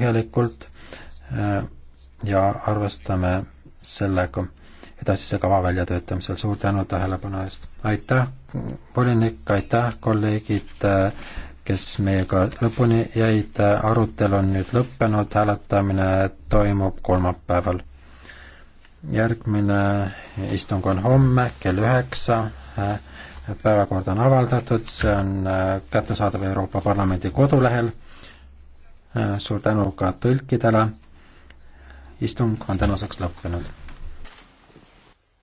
põhjalikult äh, ja arvestame sellega edasise kava väljatöötamisel. suur tänu tähelepanu eest. aitäh, volinik, aitäh, kolleegid, äh, kes meiega lõpuni jäid. arutelu on nüüd lõppenud, hääletamine toimub kolmapäeval. järgmine istung on homme kell üheksa päevakord on avaldatud, see on äh, kättesaadav Euroopa Parlamendi kodulehel Äh, suur tänu ka tõlkidele. istung on tänaseks lõppenud